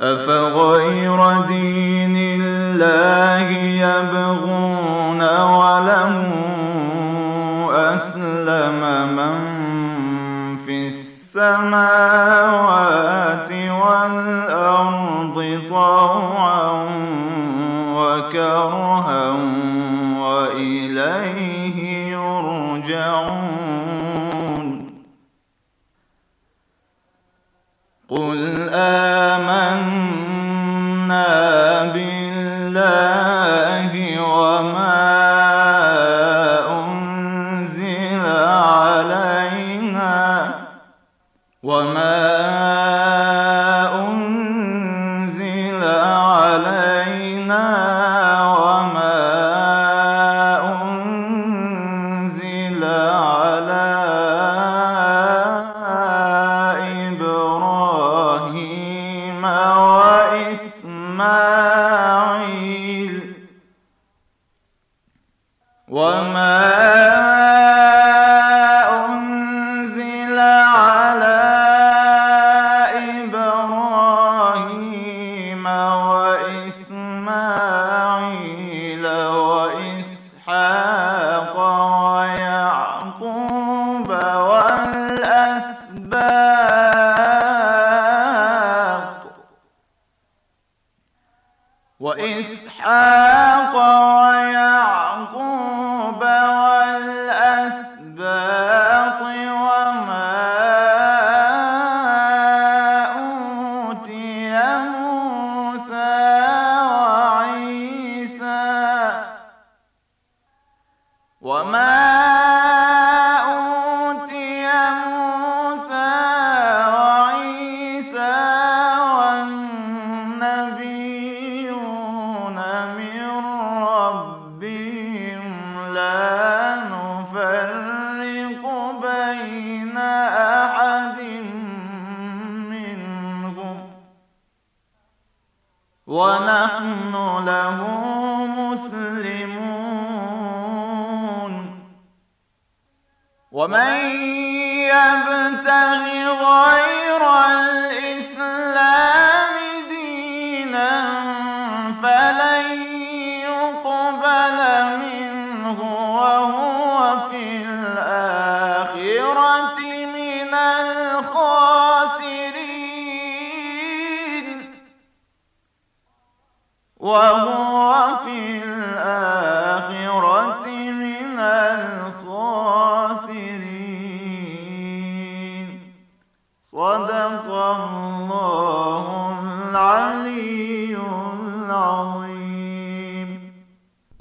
أفغير دين الله يبغون وله أسلم من في السماوات والأرض طوعا وكرها 我们。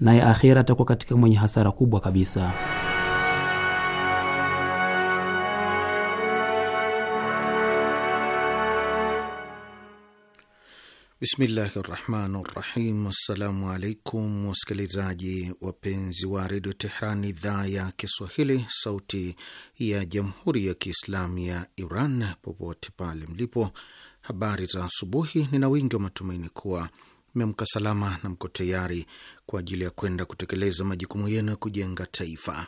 naye akhira atakuwa katika mwenye hasara kubwa kabisa. Bismillahi rahmani rahim. Assalamu alaikum wasikilizaji wapenzi wa redio Tehran, idhaa ya Kiswahili, sauti ya jamhuri ya kiislamu ya Iran, popote pale mlipo. Habari za asubuhi. Nina wingi wa matumaini kuwa Mmeamka salama na mko tayari kwa ajili ya kwenda kutekeleza majukumu yenu ya kujenga taifa.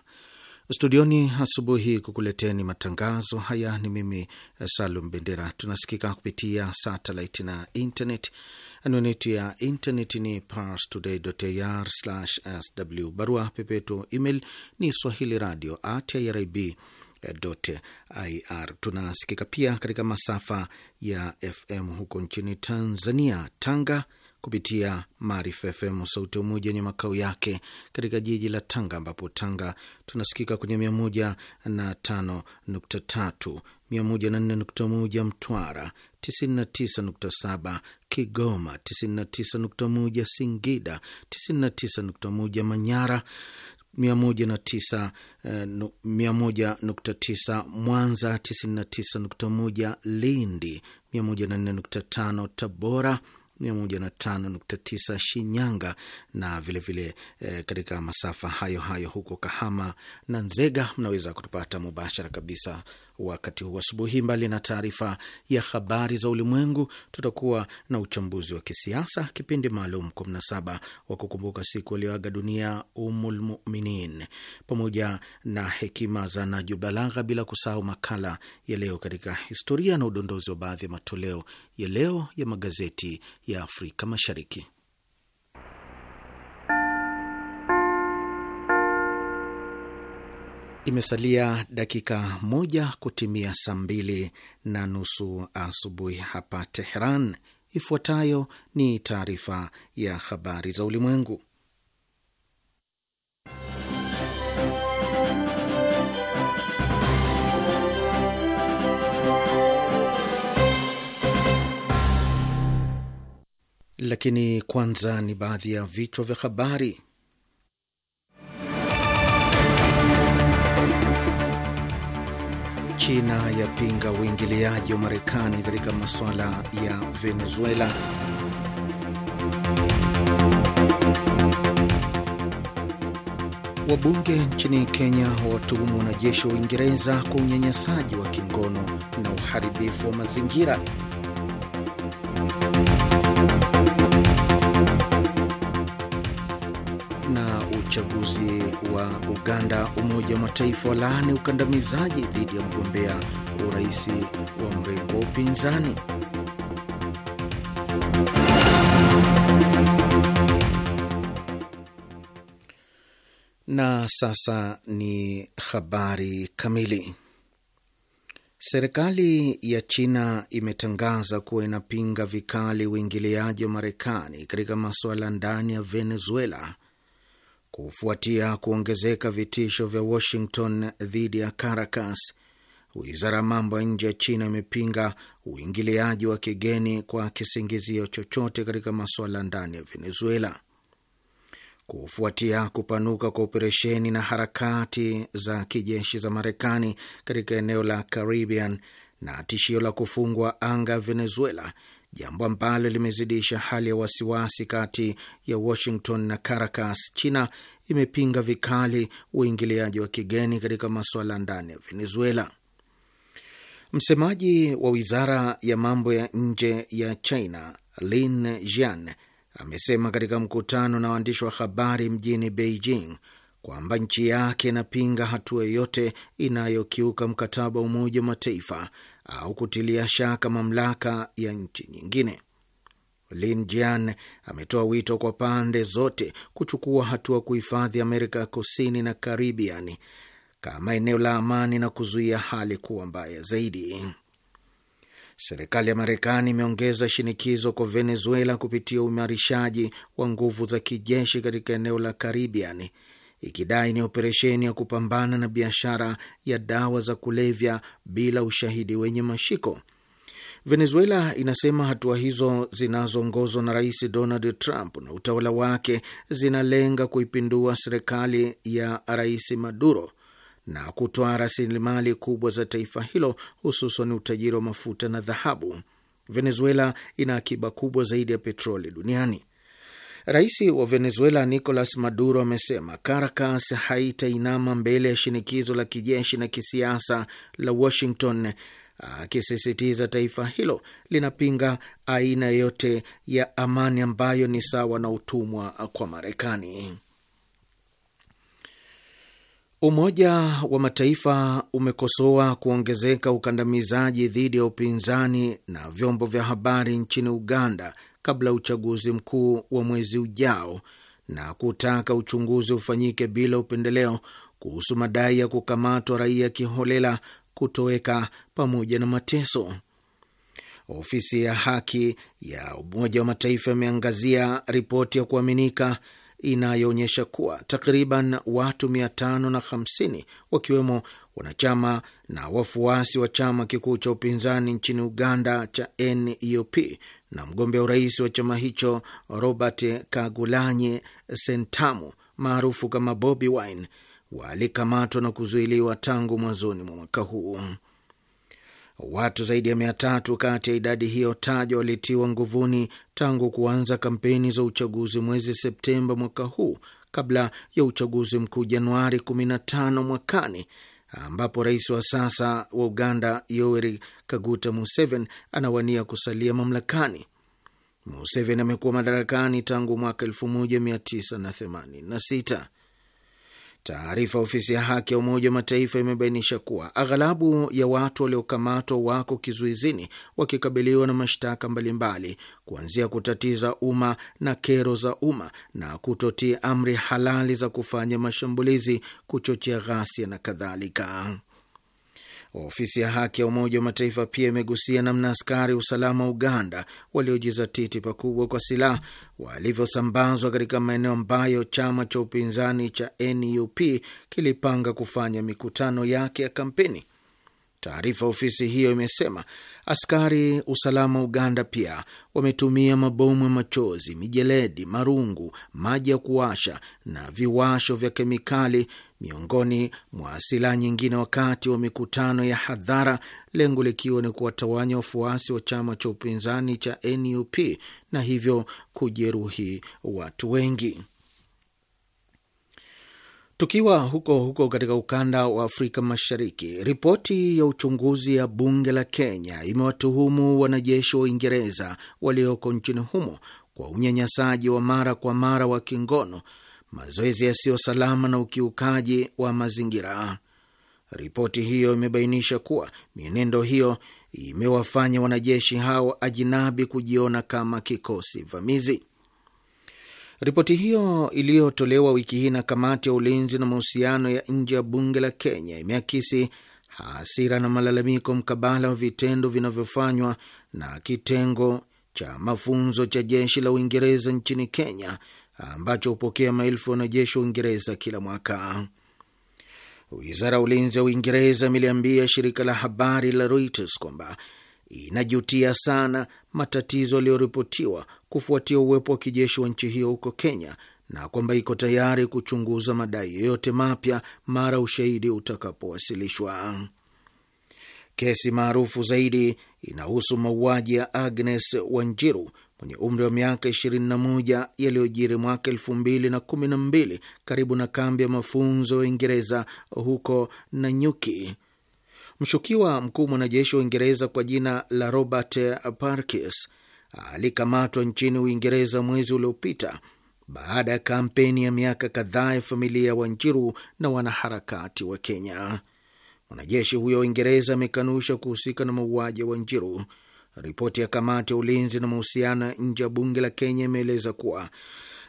Studioni asubuhi kukuleteni matangazo haya ni mimi eh, Salum Bendera. Tunasikika kupitia satelit na internet. Anwani yetu ya internet ni parstoday.ir/sw. Barua pepeto email ni swahili radio at irib ir. Tunasikika pia katika masafa ya FM huko nchini Tanzania, Tanga, kupitia Maarifa FM sauti Umoja wenye makao yake katika jiji la Tanga, ambapo Tanga tunasikika kwenye mia moja na tano nukta tatu, mia moja na nne nukta moja Mtwara, tisini na tisa nukta saba Kigoma, tisini na tisa nukta moja Singida, tisini na tisa nukta moja Manyara, mia mia moja moja na tisa eh, nukta tisa Mwanza, tisini na tisa nukta moja Lindi, mia moja na nne nukta tano Tabora 105.9 Shinyanga na vilevile vile, e, katika masafa hayo hayo huko Kahama na Nzega mnaweza kutupata mubashara kabisa Wakati huu asubuhi, mbali na taarifa ya habari za ulimwengu, tutakuwa na uchambuzi wa kisiasa, kipindi maalum 17 wa kukumbuka siku aliyoaga dunia umulmuminin pamoja na hekima za Najubalagha, bila kusahau makala ya leo katika historia na udondozi wa baadhi ya matoleo ya leo ya magazeti ya Afrika Mashariki. Imesalia dakika moja kutimia saa mbili na nusu asubuhi hapa Teheran. Ifuatayo ni taarifa ya habari za ulimwengu, lakini kwanza ni baadhi ya vichwa vya habari. China yapinga uingiliaji wa Marekani katika masuala ya Venezuela. Wabunge nchini Kenya watuhumu wanajeshi wa Uingereza kwa unyanyasaji wa kingono na uharibifu wa mazingira. uchaguzi wa Uganda, Umoja wa Mataifa walaani ukandamizaji dhidi ya mgombea urais wa mrengo wa upinzani. Na sasa ni habari kamili. Serikali ya China imetangaza kuwa inapinga vikali uingiliaji wa Marekani katika masuala ndani ya Venezuela kufuatia kuongezeka vitisho vya Washington dhidi ya Caracas. Wizara ya mambo ya nje ya China imepinga uingiliaji wa kigeni kwa kisingizio chochote katika masuala ndani ya Venezuela. Kufuatia kupanuka kwa operesheni na harakati za kijeshi za Marekani katika eneo la Caribbean na tishio la kufungwa anga ya Venezuela, jambo ambalo limezidisha hali ya wasiwasi kati ya Washington na Caracas. China imepinga vikali uingiliaji wa kigeni katika masuala ndani ya Venezuela. Msemaji wa wizara ya mambo ya nje ya China Lin Jian amesema katika mkutano na waandishi wa habari mjini Beijing kwamba nchi yake inapinga hatua yoyote inayokiuka mkataba wa Umoja wa Mataifa au kutilia shaka mamlaka ya nchi nyingine. Lin Jian ametoa wito kwa pande zote kuchukua hatua kuhifadhi Amerika ya Kusini na Karibiani kama eneo la amani na kuzuia hali kuwa mbaya zaidi. Serikali ya Marekani imeongeza shinikizo kwa Venezuela kupitia uimarishaji wa nguvu za kijeshi katika eneo la Karibiani ikidai ni operesheni ya kupambana na biashara ya dawa za kulevya bila ushahidi wenye mashiko. Venezuela inasema hatua hizo zinazoongozwa na Rais Donald Trump na utawala wake zinalenga kuipindua serikali ya Rais Maduro na kutoa rasilimali kubwa za taifa hilo, hususan utajiri wa mafuta na dhahabu. Venezuela ina akiba kubwa zaidi ya petroli duniani. Rais wa Venezuela Nicolas Maduro amesema Caracas haitainama mbele ya shinikizo la kijeshi na kisiasa la Washington, akisisitiza taifa hilo linapinga aina yote ya amani ambayo ni sawa na utumwa kwa Marekani. Umoja wa Mataifa umekosoa kuongezeka ukandamizaji dhidi ya upinzani na vyombo vya habari nchini Uganda kabla uchaguzi mkuu wa mwezi ujao na kutaka uchunguzi ufanyike bila upendeleo kuhusu madai ya kukamatwa raia kiholela, kutoweka pamoja na mateso. Ofisi ya haki ya Umoja wa Mataifa imeangazia ripoti ya kuaminika inayoonyesha kuwa takriban watu 550 wakiwemo wanachama na wafuasi wa chama kikuu cha upinzani nchini Uganda cha NUP e na mgombea urais wa chama hicho Robert Kagulanye Sentamu maarufu kama Bobi Wine walikamatwa na kuzuiliwa tangu mwanzoni mwa mwaka huu. Watu zaidi ya mia tatu kati ya idadi hiyo tajwa walitiwa nguvuni tangu kuanza kampeni za uchaguzi mwezi Septemba mwaka huu kabla ya uchaguzi mkuu Januari 15 mwakani ambapo rais wa sasa wa Uganda Yoweri Kaguta Museveni anawania kusalia mamlakani. Museveni amekuwa madarakani tangu mwaka 1986. Taarifa ofisi ya haki ya Umoja wa Mataifa imebainisha kuwa aghalabu ya watu waliokamatwa wako kizuizini wakikabiliwa na mashtaka mbalimbali, kuanzia kutatiza umma na kero za umma na kutotii amri halali za kufanya mashambulizi, kuchochea ghasia na kadhalika. Ofisi ya haki ya Umoja wa Mataifa pia imegusia namna askari usalama wa Uganda waliojizatiti pakubwa kwa silaha walivyosambazwa katika maeneo ambayo chama cha upinzani cha NUP kilipanga kufanya mikutano yake ya kampeni. Taarifa ofisi hiyo imesema askari usalama wa Uganda pia wametumia mabomu ya machozi, mijeledi, marungu, maji ya kuwasha na viwasho vya kemikali miongoni mwa silaha nyingine wakati wa mikutano ya hadhara, lengo likiwa ni kuwatawanya wafuasi wa chama cha upinzani cha NUP na hivyo kujeruhi watu wengi. Tukiwa huko huko katika ukanda wa Afrika Mashariki, ripoti ya uchunguzi ya bunge la Kenya imewatuhumu wanajeshi wa Uingereza walioko nchini humo kwa unyanyasaji wa mara kwa mara wa kingono mazoezi yasiyo salama na ukiukaji wa mazingira. Ripoti hiyo imebainisha kuwa mienendo hiyo imewafanya wanajeshi hao ajinabi kujiona kama kikosi vamizi. Ripoti hiyo iliyotolewa wiki hii na kamati ya ulinzi na mahusiano ya nje ya bunge la Kenya imeakisi hasira na malalamiko mkabala wa vitendo vinavyofanywa na kitengo cha mafunzo cha jeshi la Uingereza nchini Kenya ambacho hupokea maelfu ya wanajeshi wa Uingereza kila mwaka. Wizara ya ulinzi ya Uingereza imeliambia shirika la habari la Reuters kwamba inajutia sana matatizo yaliyoripotiwa kufuatia uwepo wa kijeshi wa nchi hiyo huko Kenya na kwamba iko tayari kuchunguza madai yoyote mapya mara ushahidi utakapowasilishwa. Kesi maarufu zaidi inahusu mauaji ya Agnes Wanjiru, mwenye umri wa miaka 21 yaliyojiri mwaka 2012 karibu na kambi ya mafunzo ya Uingereza huko Nanyuki. Mshukiwa mkuu mwanajeshi wa Uingereza kwa jina la Robert parkis alikamatwa nchini Uingereza mwezi uliopita baada ya kampeni ya miaka kadhaa ya familia ya Wanjiru na wanaharakati wa Kenya. Mwanajeshi huyo wa Uingereza amekanusha kuhusika na mauaji ya Wanjiru. Ripoti ya kamati ya ulinzi na mahusiano ya nje ya bunge la Kenya imeeleza kuwa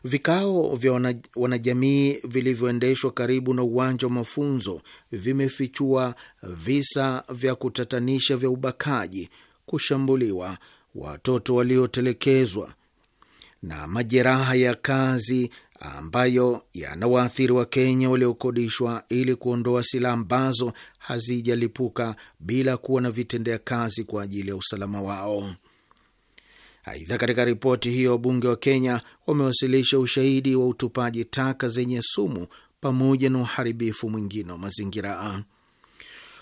vikao vya wanajamii vilivyoendeshwa karibu na uwanja wa mafunzo vimefichua visa vya kutatanisha vya ubakaji, kushambuliwa, watoto waliotelekezwa na majeraha ya kazi ambayo yanawaathiri Wakenya waliokodishwa ili kuondoa silaha ambazo hazijalipuka bila kuwa na vitendea kazi kwa ajili ya usalama wao. Aidha, katika ripoti hiyo wabunge wa Kenya wamewasilisha ushahidi wa utupaji taka zenye sumu pamoja na uharibifu mwingine wa mazingira.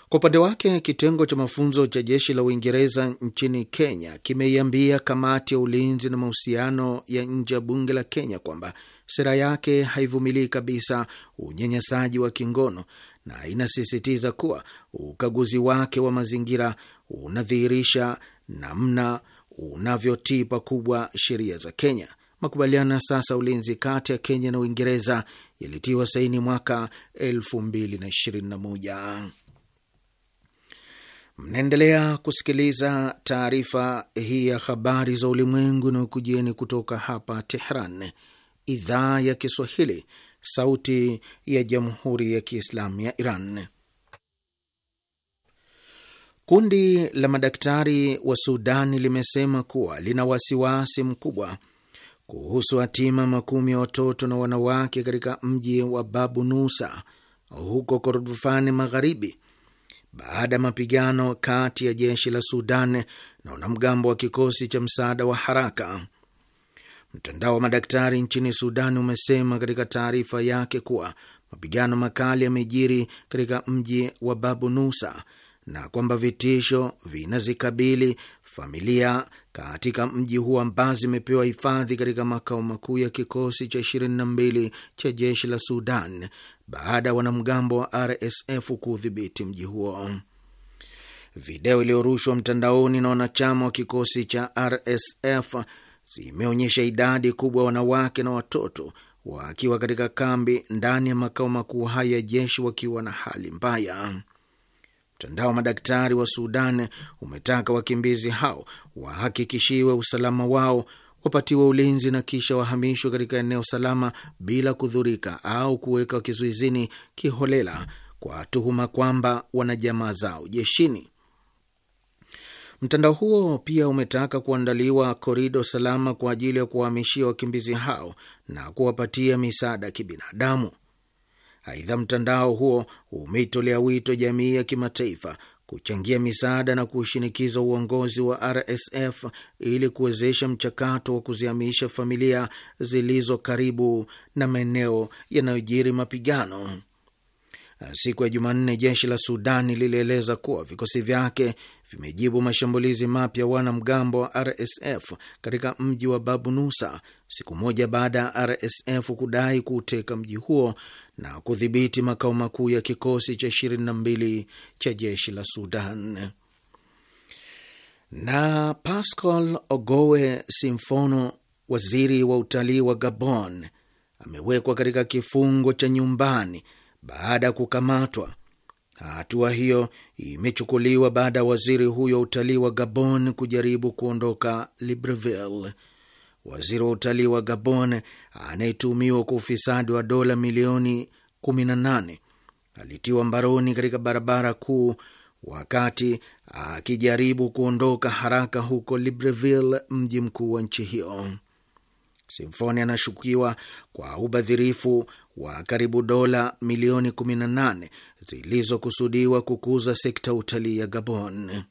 Kwa upande wake, kitengo cha mafunzo cha jeshi la Uingereza nchini Kenya kimeiambia kamati ya ulinzi na mahusiano ya nje ya bunge la Kenya kwamba Sera yake haivumilii kabisa unyanyasaji wa kingono na inasisitiza kuwa ukaguzi wake wa mazingira unadhihirisha namna unavyotii pakubwa sheria za Kenya. Makubaliano ya sasa ulinzi kati ya Kenya na Uingereza yalitiwa saini mwaka 2021. Mnaendelea kusikiliza taarifa hii ya habari za ulimwengu na ukujieni kutoka hapa Tehran, idhaa ya Kiswahili, sauti ya jamhuri ya kiislamu ya Iran. Kundi la madaktari wa Sudani limesema kuwa lina wasiwasi mkubwa kuhusu hatima makumi ya watoto na wanawake katika mji wa Babu Nusa huko Kordofani Magharibi baada ya mapigano kati ya jeshi la Sudan na wanamgambo wa kikosi cha msaada wa haraka. Mtandao wa madaktari nchini Sudan umesema katika taarifa yake kuwa mapigano makali yamejiri katika mji wa Babu Nusa na kwamba vitisho vinazikabili familia katika mji huo ambazo zimepewa hifadhi katika makao makuu ya kikosi cha 22 cha jeshi la Sudan baada ya wanamgambo wa RSF kuudhibiti mji huo. Video iliyorushwa mtandaoni na wanachama wa kikosi cha RSF zimeonyesha idadi kubwa ya wanawake na watoto wakiwa katika kambi ndani ya makao makuu haya ya jeshi wakiwa na hali mbaya. Mtandao wa madaktari wa Sudan umetaka wakimbizi hao wahakikishiwe usalama wao, wapatiwe ulinzi na kisha wahamishwe katika eneo salama bila kudhurika au kuweka kizuizini kiholela kwa tuhuma kwamba wana jamaa zao jeshini. Mtandao huo pia umetaka kuandaliwa korido salama kwa ajili ya kuwahamishia wakimbizi hao na kuwapatia misaada ya kibinadamu. Aidha, mtandao huo umeitolea wito jamii ya kimataifa kuchangia misaada na kushinikiza uongozi wa RSF ili kuwezesha mchakato wa kuzihamisha familia zilizo karibu na maeneo yanayojiri mapigano. Siku ya Jumanne, jeshi la Sudani lilieleza kuwa vikosi vyake vimejibu mashambulizi mapya wanamgambo wa RSF katika mji wa Babu Nusa siku moja baada ya RSF kudai kuuteka mji huo na kudhibiti makao makuu ya kikosi cha 22 cha jeshi la Sudan. Na Pascal Ogowe Simfono, waziri wa utalii wa Gabon, amewekwa katika kifungo cha nyumbani baada ya kukamatwa Hatua hiyo imechukuliwa baada ya waziri huyo wa utalii wa Gabon kujaribu kuondoka Libreville. Waziri wa utalii wa Gabon anayetuhumiwa kwa ufisadi wa dola milioni 18 alitiwa mbaroni katika barabara kuu wakati akijaribu kuondoka haraka huko Libreville, mji mkuu wa nchi hiyo. Simfoni anashukiwa kwa ubadhirifu wa karibu dola milioni 18 zilizokusudiwa kukuza sekta ya utalii ya Gabon.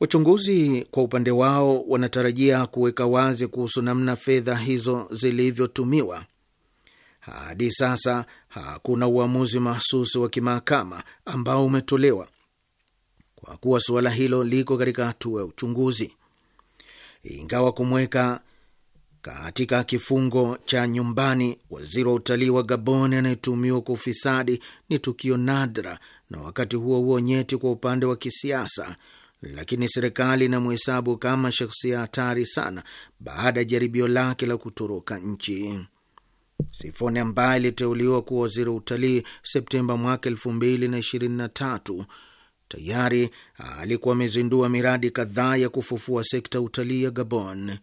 Wachunguzi kwa upande wao wanatarajia kuweka wazi kuhusu namna fedha hizo zilivyotumiwa. Hadi sasa hakuna uamuzi mahsusi wa kimahakama ambao umetolewa kwa kuwa suala hilo liko katika hatua ya uchunguzi, ingawa kumweka katika kifungo cha nyumbani, waziri wa utalii wa Gabon anayetumiwa kwa ufisadi ni tukio nadra na wakati huo huo nyeti kwa upande wa kisiasa, lakini serikali inamhesabu kama shakhsia hatari sana baada ya jaribio lake la kutoroka nchi. sifoni ambaye iliteuliwa kuwa waziri wa utalii Septemba mwaka elfu mbili na ishirini na tatu tayari alikuwa amezindua miradi kadhaa ya kufufua sekta ya utalii ya Gabon.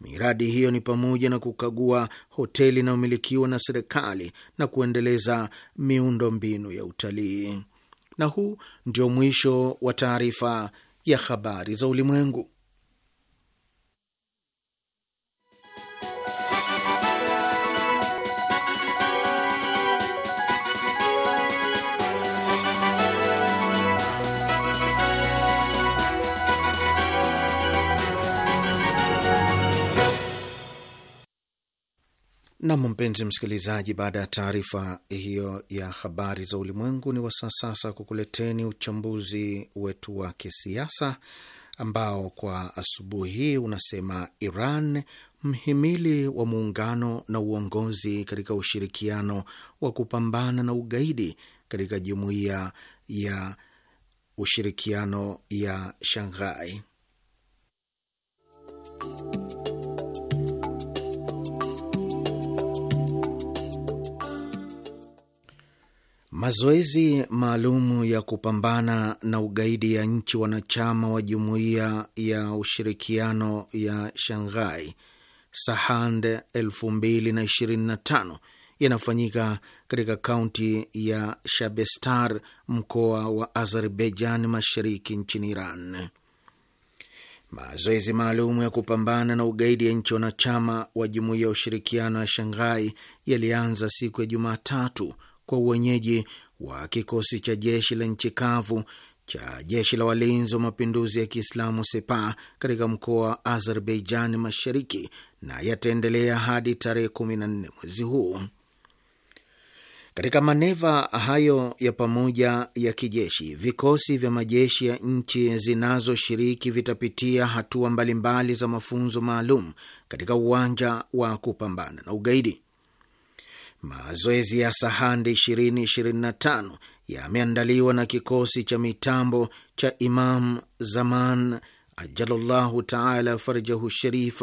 Miradi hiyo ni pamoja na kukagua hoteli inayomilikiwa na serikali na kuendeleza miundo mbinu ya utalii. Na huu ndio mwisho wa taarifa ya habari za ulimwengu. Nam, mpenzi msikilizaji, baada ya taarifa hiyo ya habari za ulimwengu, ni wasaa sasa kukuleteni uchambuzi wetu wa kisiasa ambao kwa asubuhi hii unasema Iran mhimili wa muungano na uongozi katika ushirikiano wa kupambana na ugaidi katika jumuiya ya ushirikiano ya Shanghai. Mazoezi maalum ya kupambana na ugaidi ya nchi wanachama wa jumuiya ya ushirikiano ya Shanghai Sahand 2025 yanafanyika katika kaunti ya Shabestar, mkoa wa Azerbaijan Mashariki, nchini Iran. Mazoezi maalum ya kupambana na ugaidi ya nchi wanachama wa jumuiya ya ushirikiano ya Shanghai yalianza siku ya Jumatatu kwa uwenyeji wa kikosi cha jeshi la nchi kavu cha jeshi la walinzi wa mapinduzi ya Kiislamu sepa katika mkoa wa Azerbaijan Mashariki na yataendelea hadi tarehe kumi na nne mwezi huu. Katika maneva hayo ya pamoja ya kijeshi, vikosi vya majeshi ya nchi zinazoshiriki vitapitia hatua mbalimbali za mafunzo maalum katika uwanja wa kupambana na ugaidi mazoezi ya Sahandi 2025 yameandaliwa na kikosi cha mitambo cha Imam Zaman ajalallahu taala farjahu sharif,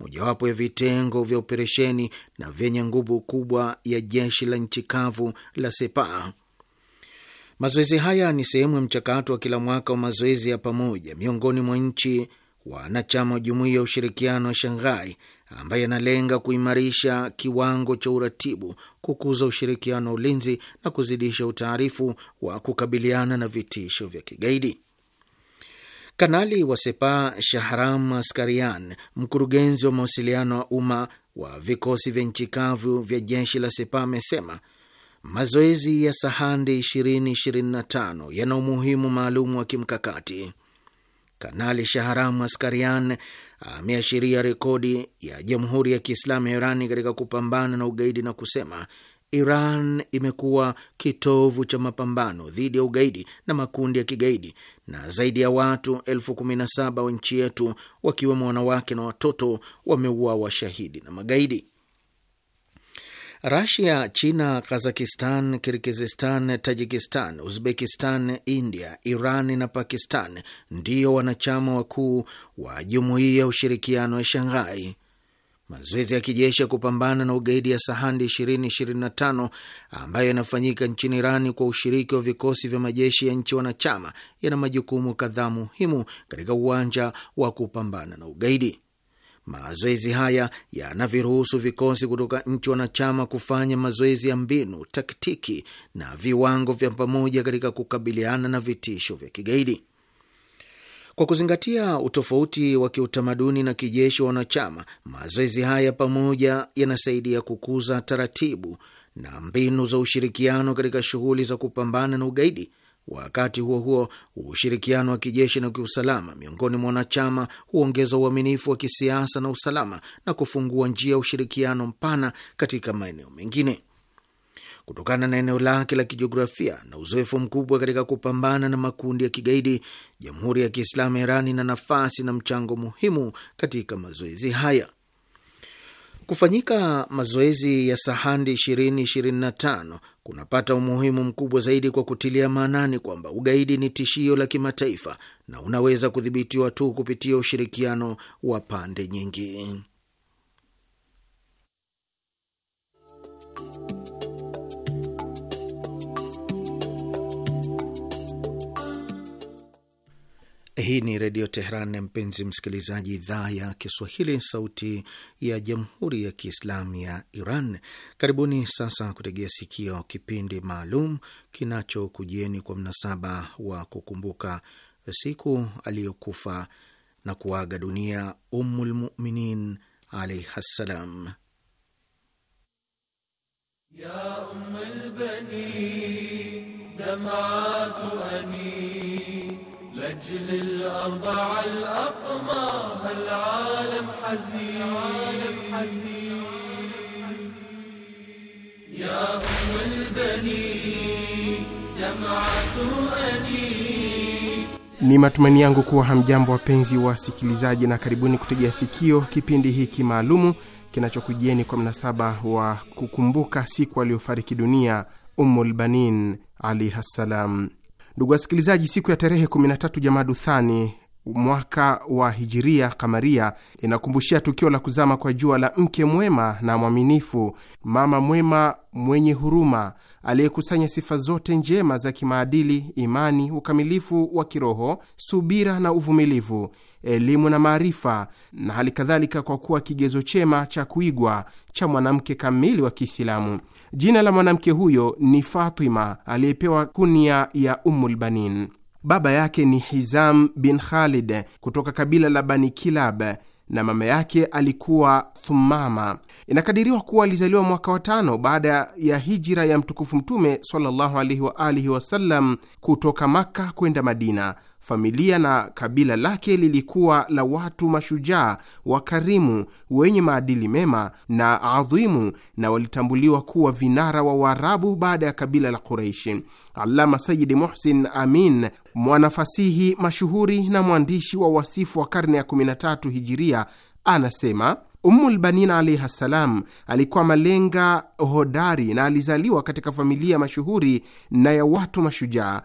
mojawapo ya vitengo vya operesheni na vyenye nguvu kubwa ya jeshi la nchi kavu la Sepa. Mazoezi haya ni sehemu ya mchakato wa kila mwaka wa mazoezi ya pamoja miongoni mwa nchi wanachama wa jumuiya ya ushirikiano wa Shanghai ambaye yanalenga kuimarisha kiwango cha uratibu, kukuza ushirikiano wa ulinzi na kuzidisha utaarifu wa kukabiliana na vitisho vya kigaidi. Kanali wa Sepa Shahram Askarian, mkurugenzi wa mawasiliano wa umma wa vikosi vya nchi kavu vya jeshi la Sepa, amesema mazoezi ya Sahandi 2025 yana umuhimu maalum wa kimkakati. Kanali Shahram Askarian ameashiria rekodi ya Jamhuri ya Kiislamu ya Irani katika kupambana na ugaidi na kusema Iran imekuwa kitovu cha mapambano dhidi ya ugaidi na makundi ya kigaidi, na zaidi ya watu elfu kumi na saba wa nchi yetu wakiwemo wanawake na watoto wameuawa shahidi na magaidi. Rasia, China, Kazakistan, Kirgizistan, Tajikistan, Uzbekistan, India, Iran na Pakistan ndiyo wanachama wakuu wa Jumuiya ya Ushirikiano ya Shanghai. Mazoezi ya kijeshi ya kupambana na ugaidi ya Sahandi 2025 ambayo yanafanyika nchini Irani kwa ushiriki wa vikosi vya majeshi ya nchi wanachama yana majukumu kadhaa muhimu katika uwanja wa kupambana na ugaidi. Mazoezi haya yanaviruhusu vikosi kutoka nchi wanachama kufanya mazoezi ya mbinu, taktiki na viwango vya pamoja katika kukabiliana na vitisho vya kigaidi. Kwa kuzingatia utofauti wa kiutamaduni na kijeshi wa wanachama, mazoezi haya pamoja yanasaidia kukuza taratibu na mbinu za ushirikiano katika shughuli za kupambana na ugaidi Wakati huo huo, ushirikiano wa kijeshi na kiusalama miongoni mwa wanachama huongeza uaminifu wa kisiasa na usalama na kufungua njia ya ushirikiano mpana katika maeneo mengine. Kutokana na eneo lake la kijiografia na uzoefu mkubwa katika kupambana na makundi ya kigaidi, Jamhuri ya Kiislamu ya Iran ina nafasi na mchango muhimu katika mazoezi haya. Kufanyika mazoezi ya Sahandi 2025 kunapata umuhimu mkubwa zaidi kwa kutilia maanani kwamba ugaidi ni tishio la kimataifa na unaweza kudhibitiwa tu kupitia ushirikiano wa pande nyingi. Hii ni Redio Teheran, mpenzi msikilizaji, idhaa ya Kiswahili, sauti ya Jamhuri ya Kiislamu ya Iran. Karibuni sasa kutegea sikio kipindi maalum kinachokujieni kwa mnasaba wa kukumbuka siku aliyokufa na kuaga dunia Ummulmuminin alaihi ssalam. Ya لأجل الأربعة الأقمار العالم حزين يا أم البني دمعة أنين ni matumaini yangu kuwa hamjambo wapenzi wasikilizaji na karibuni kutegea sikio kipindi hiki maalumu kinachokujieni kwa mnasaba wa kukumbuka siku aliyofariki dunia Ummulbanin alaihi ssalam. Ndugu wasikilizaji, siku ya tarehe 13 Jamaduthani mwaka wa hijiria kamaria inakumbushia tukio la kuzama kwa jua la mke mwema na mwaminifu, mama mwema mwenye huruma, aliyekusanya sifa zote njema za kimaadili, imani, ukamilifu wa kiroho, subira na uvumilivu, elimu na maarifa, na hali kadhalika, kwa kuwa kigezo chema cha kuigwa cha mwanamke kamili wa Kiislamu. Jina la mwanamke huyo ni Fatima aliyepewa kunia ya Ummulbanin. Baba yake ni Hizam bin Khalid kutoka kabila la Bani Kilab na mama yake alikuwa Thumama. Inakadiriwa kuwa alizaliwa mwaka wa tano baada ya hijira ya mtukufu Mtume sallallahu alaihi wa alihi wasallam kutoka Makka kwenda Madina Familia na kabila lake lilikuwa la watu mashujaa, wakarimu, wenye maadili mema na adhimu, na walitambuliwa kuwa vinara wa Waarabu baada ya kabila la Quraishi. Alama Sayidi Muhsin Amin, mwanafasihi mashuhuri na mwandishi wa wasifu wa karne ya 13 Hijiria, anasema Ummul alaihi ssalam alikuwa malenga hodari na alizaliwa katika familia mashuhuri na ya watu mashujaa.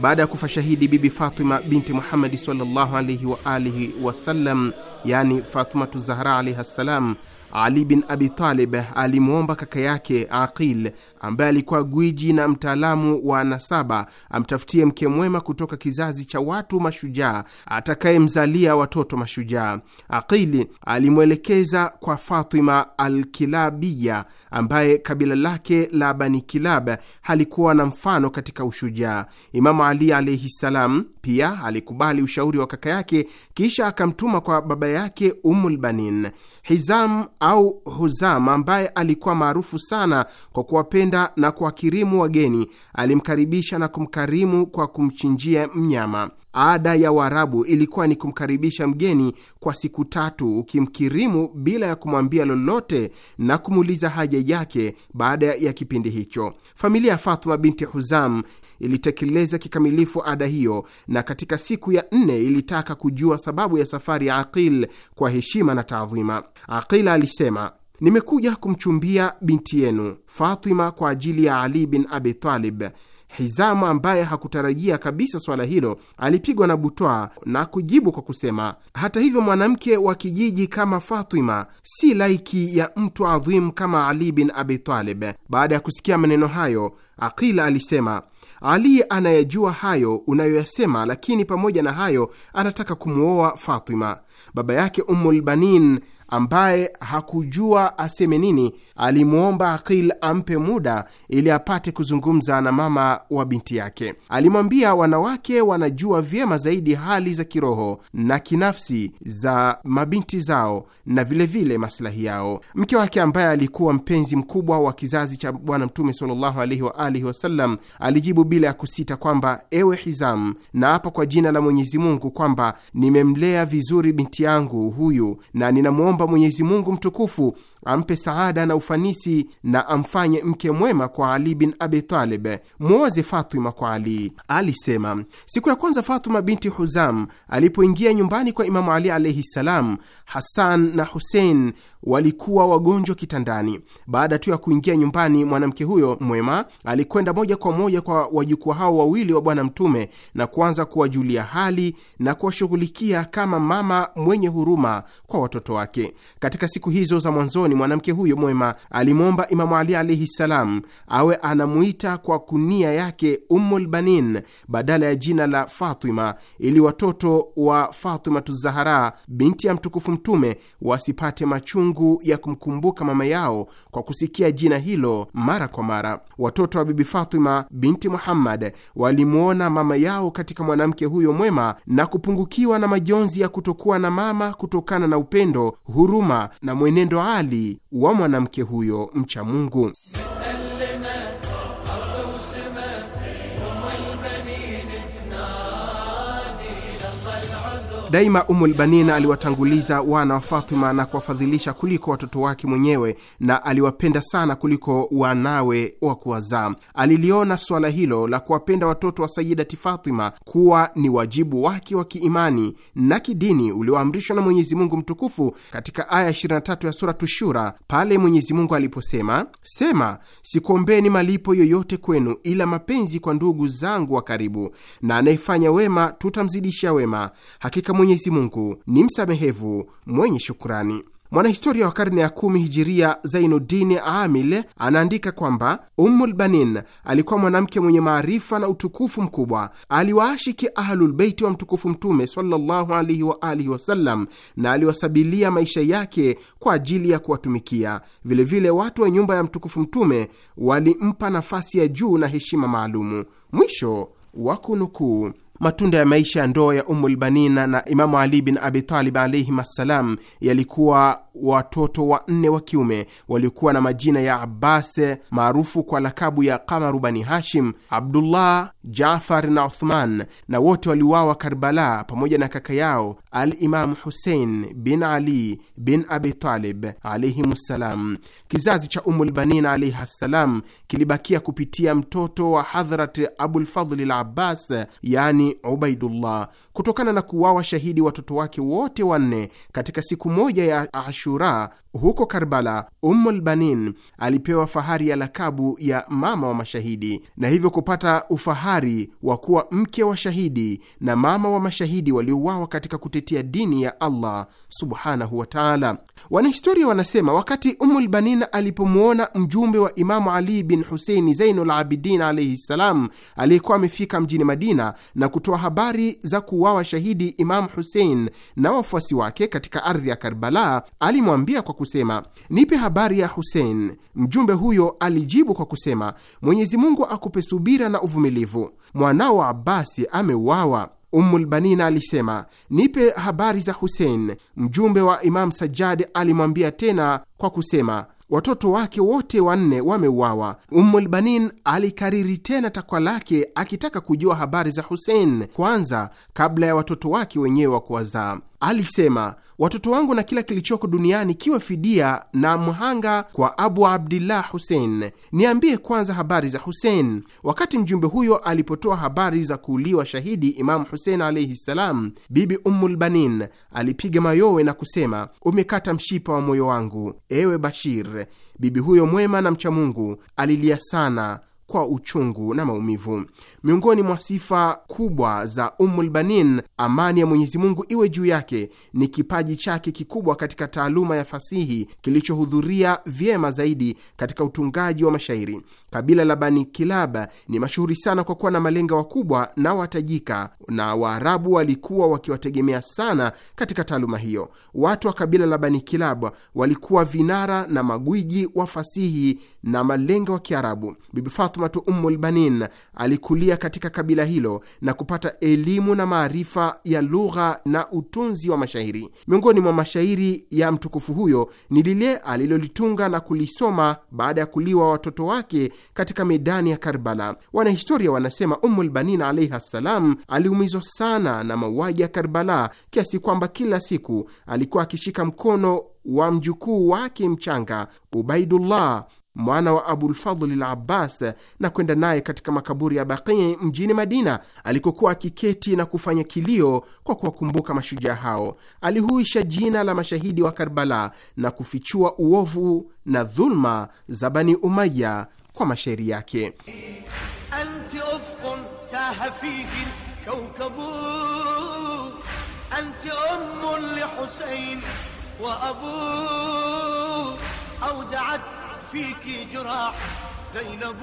baada ya kufa shahidi Bibi Fatima binti Muhammadi sallallahu alaihi wa alihi wasallam, yani Fatimatu Zahra alaihi ssalam ali bin Abi Talib alimwomba kaka yake Aqil ambaye alikuwa gwiji na mtaalamu wa nasaba amtafutie mke mwema kutoka kizazi cha watu mashujaa atakayemzalia watoto mashujaa. Aqil alimwelekeza kwa Fatima Alkilabiya ambaye kabila lake la Bani Kilab halikuwa na mfano katika ushujaa. Imamu Ali alaihi ssalam pia alikubali ushauri wa kaka yake, kisha akamtuma kwa baba yake Ummulbanin. Hizam au Huzam ambaye alikuwa maarufu sana kwa kuwapenda na kuwakirimu wageni, alimkaribisha na kumkarimu kwa kumchinjia mnyama. Ada ya Waarabu ilikuwa ni kumkaribisha mgeni kwa siku tatu, ukimkirimu bila ya kumwambia lolote na kumuuliza haja yake. Baada ya kipindi hicho, familia ya fatma binti Huzam ilitekeleza kikamilifu ada hiyo, na katika siku ya nne ilitaka kujua sababu ya safari ya Aqil kwa heshima na taadhima. Aqil alisema nimekuja kumchumbia binti yenu Fatima kwa ajili ya Ali bin Abi Talib Hizamu ambaye hakutarajia kabisa swala hilo alipigwa na butwa na kujibu kwa kusema, hata hivyo, mwanamke wa kijiji kama Fatima si laiki ya mtu adhimu kama Ali bin Abi Talib. Baada ya kusikia maneno hayo, Aqila alisema, Ali anayajua hayo unayoyasema, lakini pamoja na hayo anataka kumwoa Fatima. Baba yake Ummulbanin ambaye hakujua aseme nini, alimwomba Aqil ampe muda ili apate kuzungumza na mama wa binti yake. Alimwambia wanawake wanajua vyema zaidi hali za kiroho na kinafsi za mabinti zao na vilevile vile maslahi yao. Mke wake ambaye alikuwa mpenzi mkubwa wa kizazi cha Bwana Mtume sallallahu alaihi wa alihi wasallam alijibu bila ya kusita kwamba ewe Hizamu, hapa kwa jina la Mwenyezi Mungu kwamba nimemlea vizuri binti yangu huyu na ninamwomba tunamwomba Mwenyezi Mungu mtukufu ampe saada na ufanisi na amfanye mke mwema kwa Ali bin Abi Talib, mwoze Fatuma kwa Ali. Alisema, siku ya kwanza Fatuma binti Huzam alipoingia nyumbani kwa Imamu Ali alaihi ssalam, Hasan na Husein walikuwa wagonjwa kitandani. Baada tu ya kuingia nyumbani, mwanamke huyo mwema alikwenda moja kwa moja kwa wajukuu hao wawili wa Bwana Mtume na kuanza kuwajulia hali na kuwashughulikia kama mama mwenye huruma kwa watoto wake. Katika siku hizo za mwanzoni peponi. Mwanamke huyo mwema alimwomba Imamu Ali alaihi ssalam awe anamuita kwa kunia yake ummulbanin badala ya jina la Fatima, ili watoto wa Fatimatu Zahara binti ya mtukufu Mtume wasipate machungu ya kumkumbuka mama yao kwa kusikia jina hilo mara kwa mara. Watoto wa Bibi Fatima binti Muhammad walimwona mama yao katika mwanamke huyo mwema na kupungukiwa na majonzi ya kutokuwa na mama kutokana na upendo, huruma na mwenendo ali ustawi wa mwanamke huyo mcha Mungu. Daima Umul aliwatanguliza wana wa Fatima na kuwafadhilisha kuliko watoto wake mwenyewe, na aliwapenda sana kuliko wanawe wa kuwazaa. Aliliona suala hilo la kuwapenda watoto wa Sayidati Fatima kuwa ni wajibu wake wa kiimani na kidini ulioamrishwa na Mwenyezi Mungu mtukufu katika aya 23 ya Suratu Shura, pale Mwenyezi Mungu aliposema: Sema, sikuombeni malipo yoyote kwenu ila mapenzi kwa ndugu zangu wa karibu, na anayefanya wema tutamzidishia wema, hakika Mwenyezi Mungu ni msamehevu mwenye shukurani. Mwanahistoria wa karne ya kumi hijiria Zainuddin Amil anaandika kwamba Ummulbanin alikuwa mwanamke mwenye maarifa na utukufu mkubwa. Aliwaashiki Ahlulbeiti wa mtukufu Mtume sallallahu alaihi wa alihi wasallam na aliwasabilia maisha yake kwa ajili ya kuwatumikia. Vilevile watu wa nyumba ya mtukufu Mtume walimpa nafasi ya juu na heshima maalumu. Mwisho wa kunukuu. Matunda ya maisha ya ndoa ya Ummul lbanina na Imamu Ali bin Abi Talib alaihim assalam yalikuwa watoto wanne wa kiume waliokuwa na majina ya abbas maarufu kwa lakabu ya Kamaru Bani Hashim, Abdullah, Jafar na Uthman, na wote waliuawa Karbala pamoja na kaka yao Alimamu Husein bin Ali bin Abi Talib Kizazi cha Ummul Banina alaihi ssalam kilibakia kupitia mtoto wa Hadhrat Abulfadhli al Abbas yani Ubaidullah kutokana na kuwawa shahidi watoto wake wote wanne katika siku moja ya Ashura huko Karbala, Ummul Banin alipewa fahari ya lakabu ya mama wa mashahidi na hivyo kupata ufahari wa kuwa mke wa shahidi na mama wa mashahidi waliouawa katika kutetea dini ya Allah subhanahu wataala Wanahistoria wanasema wakati Ummul Banin alipomwona mjumbe wa Imamu Ali bin Huseini Zainul Abidin alaihi ssalam aliyekuwa amefika mjini Madina na kutoa habari za kuuawa shahidi Imamu Husein na wafuasi wake katika ardhi ya Karbala, alimwambia kwa kusema, nipe habari ya Husein. Mjumbe huyo alijibu kwa kusema, Mwenyezi Mungu akupe subira na uvumilivu, mwanao Abasi ameuawa. Ummulbanina alisema nipe habari za Husein. Mjumbe wa Imamu sajadi alimwambia tena kwa kusema watoto wake wote wanne wameuawa. Ummul alikariri tena takwa lake akitaka kujua habari za Husein kwanza kabla ya watoto wake wenyewe wa kuwazaa alisema, watoto wangu na kila kilichoko duniani kiwe fidia na mhanga kwa Abu Abdillah Hussein. Niambie kwanza habari za Hussein. Wakati mjumbe huyo alipotoa habari za kuuliwa shahidi Imamu Hussein alaihi ssalam, Bibi Ummulbanin alipiga mayowe na kusema, umekata mshipa wa moyo wangu, ewe Bashir. Bibi huyo mwema na mchamungu alilia sana kwa uchungu na maumivu. Miongoni mwa sifa kubwa za Ummul Banin, amani ya Mwenyezi Mungu iwe juu yake, ni kipaji chake kikubwa katika taaluma ya fasihi kilichohudhuria vyema zaidi katika utungaji wa mashairi. Kabila la Bani kilab ni mashuhuri sana kwa kuwa na malenga wakubwa na watajika, na Waarabu walikuwa wakiwategemea sana katika taaluma hiyo. Watu wa kabila la Bani kilab walikuwa vinara na magwiji wa fasihi na malenga wa Kiarabu. Bibi Fatma Fatimatu Ummul Banin alikulia katika kabila hilo na kupata elimu na maarifa ya lugha na utunzi wa mashairi. Miongoni mwa mashairi ya mtukufu huyo ni lile alilolitunga na kulisoma baada ya kuliwa watoto wake katika medani ya Karbala. Wanahistoria wanasema Ummul Banin alaihi ssalam aliumizwa sana na mauaji ya Karbala kiasi kwamba kila siku alikuwa akishika mkono wa mjukuu wake mchanga Ubaidullah mwana wa Abulfadhli l Abbas na kwenda naye katika makaburi ya baqi mjini Madina alikokuwa akiketi na kufanya kilio kwa kuwakumbuka mashujaa hao. Alihuisha jina la mashahidi wa Karbala na kufichua uovu na dhulma za Bani Umaya kwa mashairi yake. فيك جراح زينب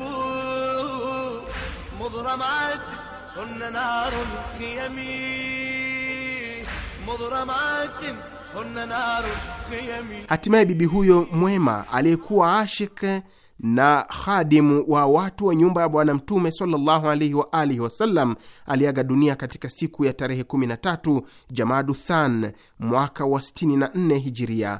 مضرمات هن نار خيمي مضرمات هن نار خيمي. Hatimaye bibi huyo mwema aliyekuwa ashik na khadimu wa watu wa nyumba ya Bwana Mtume sallallahu alaihi wa alihi wasallam aliaga dunia katika siku ya tarehe 13 Jamadu Than mwaka wa 64 Hijiria.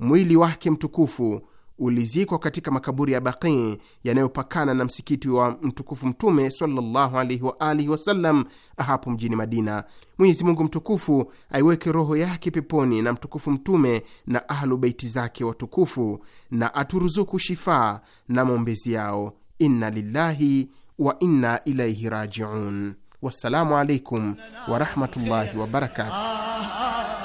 Mwili wake mtukufu ulizikwa katika makaburi ya Baqi yanayopakana na msikiti wa mtukufu Mtume sallallahu alaihi wa alihi wasallam hapo mjini Madina. Mwenyezi Mungu mtukufu aiweke roho yake peponi na mtukufu Mtume na ahlu beiti zake watukufu na aturuzuku shifaa na maombezi yao. Inna lillahi wa inna ilaihi rajiun. Wassalamu alaikum warahmatullahi wabarakatuh.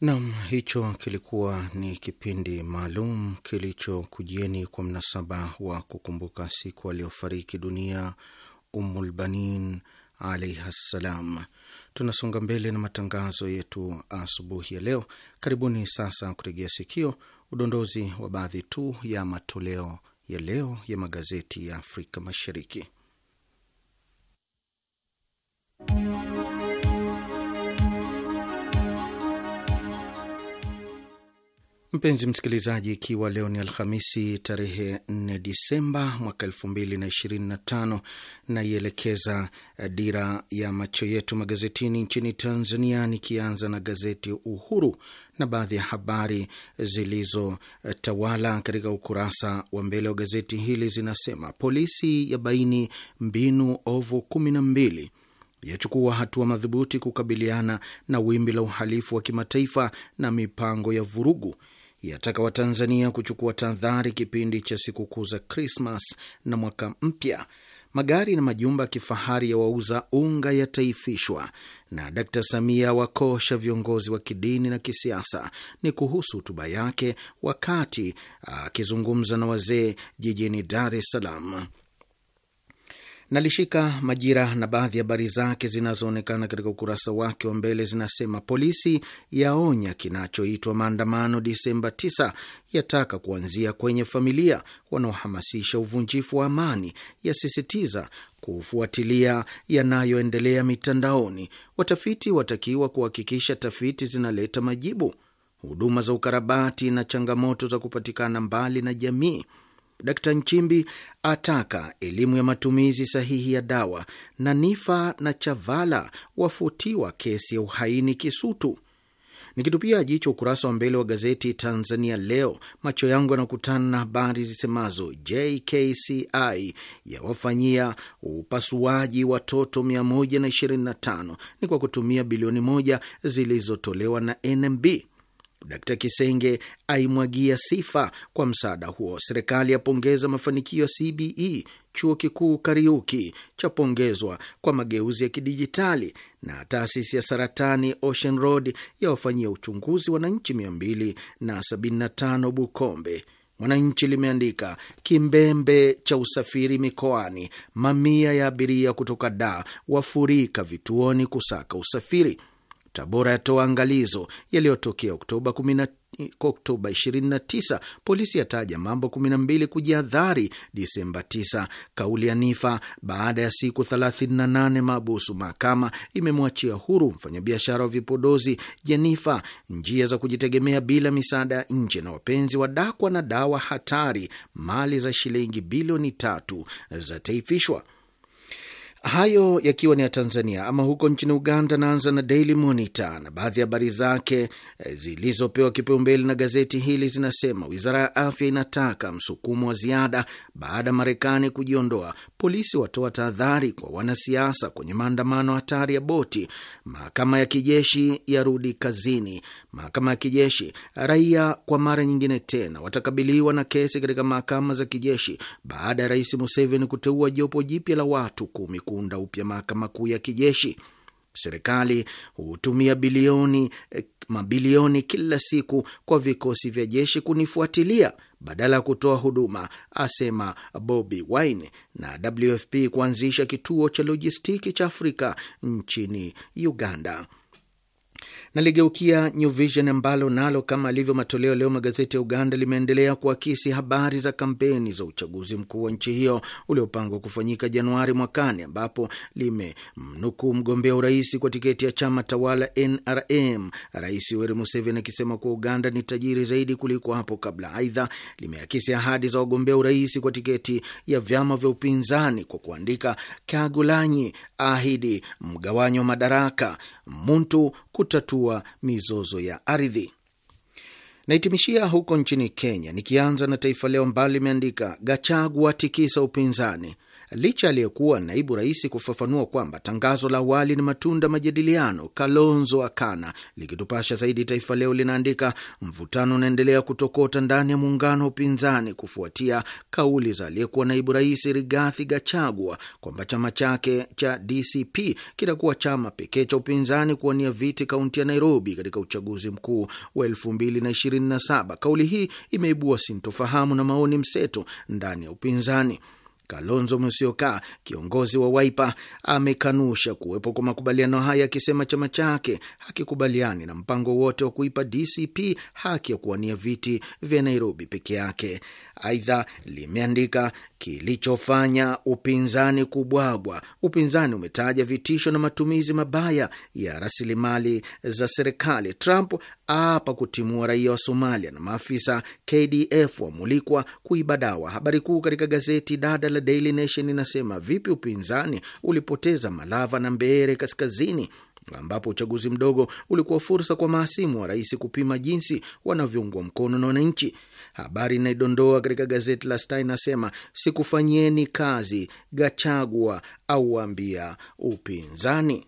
Nam, hicho kilikuwa ni kipindi maalum kilichokujieni kwa mnasaba wa kukumbuka siku aliyofariki dunia Ummulbanin alaihi ssalam. Tunasonga mbele na matangazo yetu asubuhi ya leo. Karibuni sasa kuregea sikio udondozi wa baadhi tu ya matoleo ya leo ya magazeti ya Afrika Mashariki. Mpenzi msikilizaji, ikiwa leo ni Alhamisi tarehe 4 Disemba mwaka 225 naielekeza eh, dira ya macho yetu magazetini nchini Tanzania, nikianza na gazeti Uhuru na baadhi ya habari zilizotawala katika ukurasa wa mbele wa gazeti hili zinasema: polisi ya baini mbinu ovu 12 yachukua hatua madhubuti kukabiliana na wimbi la uhalifu wa kimataifa na mipango ya vurugu yataka Watanzania kuchukua tahadhari kipindi cha sikukuu za Krismas na mwaka mpya. Magari na majumba ya kifahari ya wauza unga yataifishwa. Na Dkt Samia wakosha viongozi wa kidini na kisiasa, ni kuhusu hotuba yake wakati akizungumza na wazee jijini Dar es Salaam nalishika Majira na baadhi ya habari zake zinazoonekana katika ukurasa wake wa mbele zinasema: polisi yaonya kinachoitwa maandamano Disemba 9, yataka kuanzia kwenye familia, wanaohamasisha uvunjifu wa amani, yasisitiza kufuatilia yanayoendelea mitandaoni, watafiti watakiwa kuhakikisha tafiti zinaleta majibu, huduma za ukarabati na changamoto za kupatikana mbali na jamii Dkt Nchimbi ataka elimu ya matumizi sahihi ya dawa, na Nifa na Chavala wafutiwa kesi ya uhaini Kisutu. Nikitupia jicho ukurasa wa mbele wa gazeti Tanzania Leo, macho yangu yanakutana na habari zisemazo JKCI yawafanyia upasuaji watoto 125 ni kwa kutumia bilioni moja zilizotolewa na NMB. Dkt Kisenge aimwagia sifa kwa msaada huo. Serikali yapongeza mafanikio ya CBE. Chuo Kikuu Kariuki chapongezwa kwa mageuzi ya kidijitali, na taasisi ya saratani Ocean Road yawafanyia uchunguzi wananchi 275 Bukombe. Mwananchi limeandika kimbembe cha usafiri mikoani, mamia ya abiria kutoka da wafurika vituoni kusaka usafiri. Tabora yatoa angalizo yaliyotokea Oktoba 29. Polisi yataja mambo 12 kujiadhari Disemba 9. Kauli ya Nifa baada ya siku 38 mabusu. Mahakama imemwachia huru mfanyabiashara wa vipodozi Jenifa. Njia za kujitegemea bila misaada ya nje. Na wapenzi wa dakwa na dawa hatari. Mali za shilingi bilioni tatu zataifishwa. Hayo yakiwa ni ya Tanzania. Ama huko nchini Uganda, naanza na Daily Monitor na baadhi ya habari zake eh, zilizopewa kipaumbele na gazeti hili zinasema: wizara ya afya inataka msukumo wa ziada baada ya Marekani kujiondoa; polisi watoa tahadhari kwa wanasiasa kwenye maandamano hatari ya boti; mahakama ya kijeshi yarudi kazini; Mahakama ya kijeshi. Raia kwa mara nyingine tena watakabiliwa na kesi katika mahakama za kijeshi baada ya Rais Museveni kuteua jopo jipya la watu kumi kuunda upya mahakama kuu ya kijeshi. Serikali hutumia bilioni eh, mabilioni kila siku kwa vikosi vya jeshi kunifuatilia badala ya kutoa huduma, asema Bobi Wine, na WFP kuanzisha kituo cha lojistiki cha Afrika nchini Uganda. Naligeukia New Vision ambalo nalo kama alivyo matoleo leo magazeti ya Uganda limeendelea kuakisi habari za kampeni za uchaguzi mkuu wa nchi hiyo uliopangwa kufanyika Januari mwakani, ambapo limemnukuu mgombea urais kwa tiketi ya chama tawala NRM Rais Yoweri Museveni akisema kuwa Uganda ni tajiri zaidi kuliko hapo kabla. Aidha, limeakisi ahadi za wagombea urais kwa tiketi ya vyama vya upinzani kwa kuandika Kagulanyi ahidi mgawanyo wa madaraka Muntu kutatua mizozo ya ardhi. Naitimishia huko nchini Kenya, nikianza na Taifa Leo ambalo limeandika Gachagua atikisa upinzani, licha aliyekuwa naibu rais kufafanua kwamba tangazo la awali ni matunda majadiliano. Kalonzo akana. Likitupasha zaidi, Taifa Leo linaandika mvutano unaendelea kutokota ndani ya muungano wa upinzani kufuatia kauli za aliyekuwa naibu rais Rigathi Gachagua kwamba chama chake cha DCP kitakuwa chama pekee cha upinzani kuwania viti kaunti ya Nairobi katika uchaguzi mkuu wa saba. Kauli hii imeibua sintofahamu na maoni mseto ndani ya upinzani. Kalonzo Musyoka, kiongozi wa Waipa, amekanusha kuwepo kwa makubaliano haya, akisema chama chake hakikubaliani na mpango wote wa kuipa DCP haki ya kuwania viti vya Nairobi peke yake. Aidha limeandika kilichofanya upinzani kubwabwa. Upinzani umetaja vitisho na matumizi mabaya ya rasilimali za serikali. Trump apa kutimua raia wa Somalia na maafisa KDF wamulikwa kuiba dawa. Habari kuu katika gazeti dada la Daily Nation inasema vipi upinzani ulipoteza Malava na Mbeere kaskazini ambapo uchaguzi mdogo ulikuwa fursa kwa maasimu wa rais kupima jinsi wanavyoungwa mkono na wananchi. Habari inayodondoa katika gazeti la Star inasema sikufanyeni kazi Gachagua au waambia upinzani.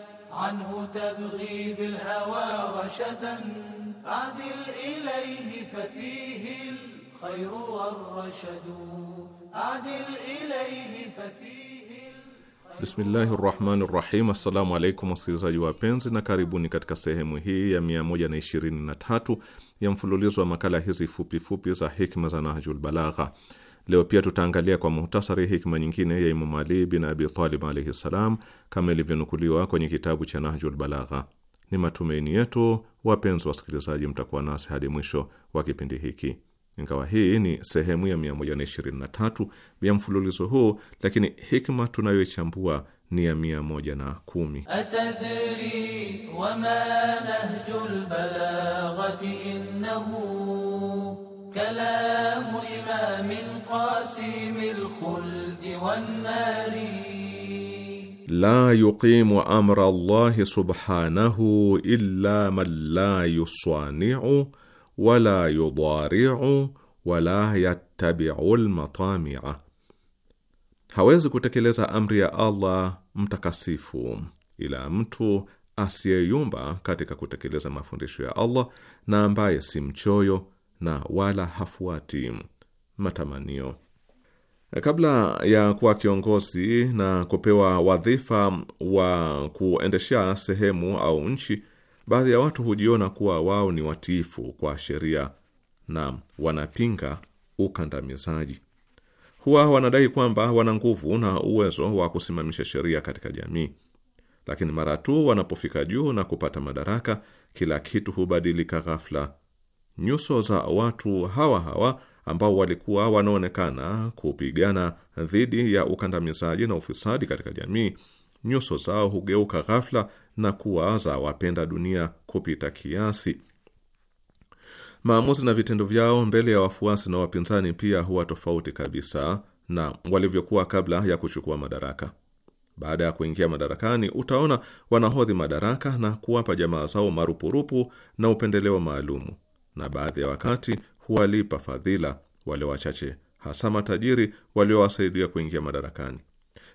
عنه تبغي بالهوى رشدا أعدل إليه ففيه الخير والرشد أعدل إليه ففيه Bismillahi rahmani rahim. Assalamu alaikum wasikilizaji wapenzi, na karibuni katika sehemu hii ya 123 ya mfululizo wa makala hizi fupifupi fupi za hikma za Nahjul Balagha. Leo pia tutaangalia kwa muhtasari hikma nyingine ya Imamu Ali bin Abi Talib alaihi ssalam, kama ilivyonukuliwa kwenye kitabu cha Nahjul Balagha. Ni matumaini yetu wapenzi wasikilizaji, mtakuwa nasi hadi mwisho wa kipindi hiki. Ingawa hii ni sehemu ya 123 ya mfululizo huu, lakini hikma tunayoichambua ni ya 110. Atadri ma nahjul balaghati innahu كلام إمام قاسم الخلد والنار لا يقيم أمر الله سبحانه إلا من لا يصانع ولا يضارع wala يتبع المطامع hawezi kutekeleza amri ya Allah mtakasifu ila mtu asiyeyumba katika kutekeleza mafundisho ya Allah na ambaye si mchoyo na wala hafuati matamanio. Kabla ya kuwa kiongozi na kupewa wadhifa wa kuendeshea sehemu au nchi, baadhi ya watu hujiona kuwa wao ni watiifu kwa sheria na wanapinga ukandamizaji. Huwa wanadai kwamba wana nguvu na uwezo wa kusimamisha sheria katika jamii, lakini mara tu wanapofika juu na kupata madaraka, kila kitu hubadilika ghafla nyuso za watu hawa hawa ambao walikuwa wanaonekana kupigana dhidi ya ukandamizaji na ufisadi katika jamii, nyuso zao hugeuka ghafla na kuwa za wapenda dunia kupita kiasi. Maamuzi na vitendo vyao mbele ya wafuasi na wapinzani pia huwa tofauti kabisa na walivyokuwa kabla ya kuchukua madaraka. Baada ya kuingia madarakani, utaona wanahodhi madaraka na kuwapa jamaa zao marupurupu na upendeleo maalumu na baadhi ya wakati huwalipa fadhila wale wachache, hasa matajiri waliowasaidia kuingia madarakani.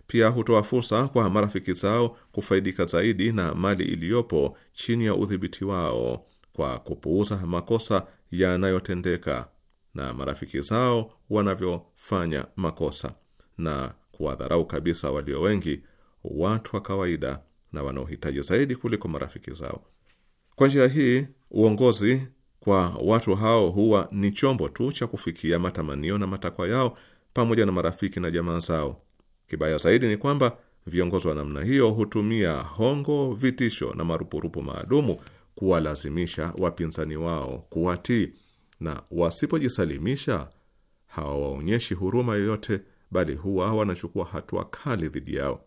Pia hutoa fursa kwa marafiki zao kufaidika zaidi na mali iliyopo chini ya udhibiti wao kwa kupuuza makosa yanayotendeka na marafiki zao wanavyofanya makosa na kuwadharau kabisa walio wengi, watu wa kawaida na wanaohitaji zaidi kuliko marafiki zao. Kwa njia hii uongozi kwa watu hao huwa ni chombo tu cha kufikia matamanio na matakwa yao pamoja na marafiki na jamaa zao. Kibaya zaidi ni kwamba viongozi wa namna hiyo hutumia hongo, vitisho na marupurupu maalumu kuwalazimisha wapinzani wao kuwatii, na wasipojisalimisha hawawaonyeshi huruma yoyote, bali huwa wanachukua hatua kali dhidi yao.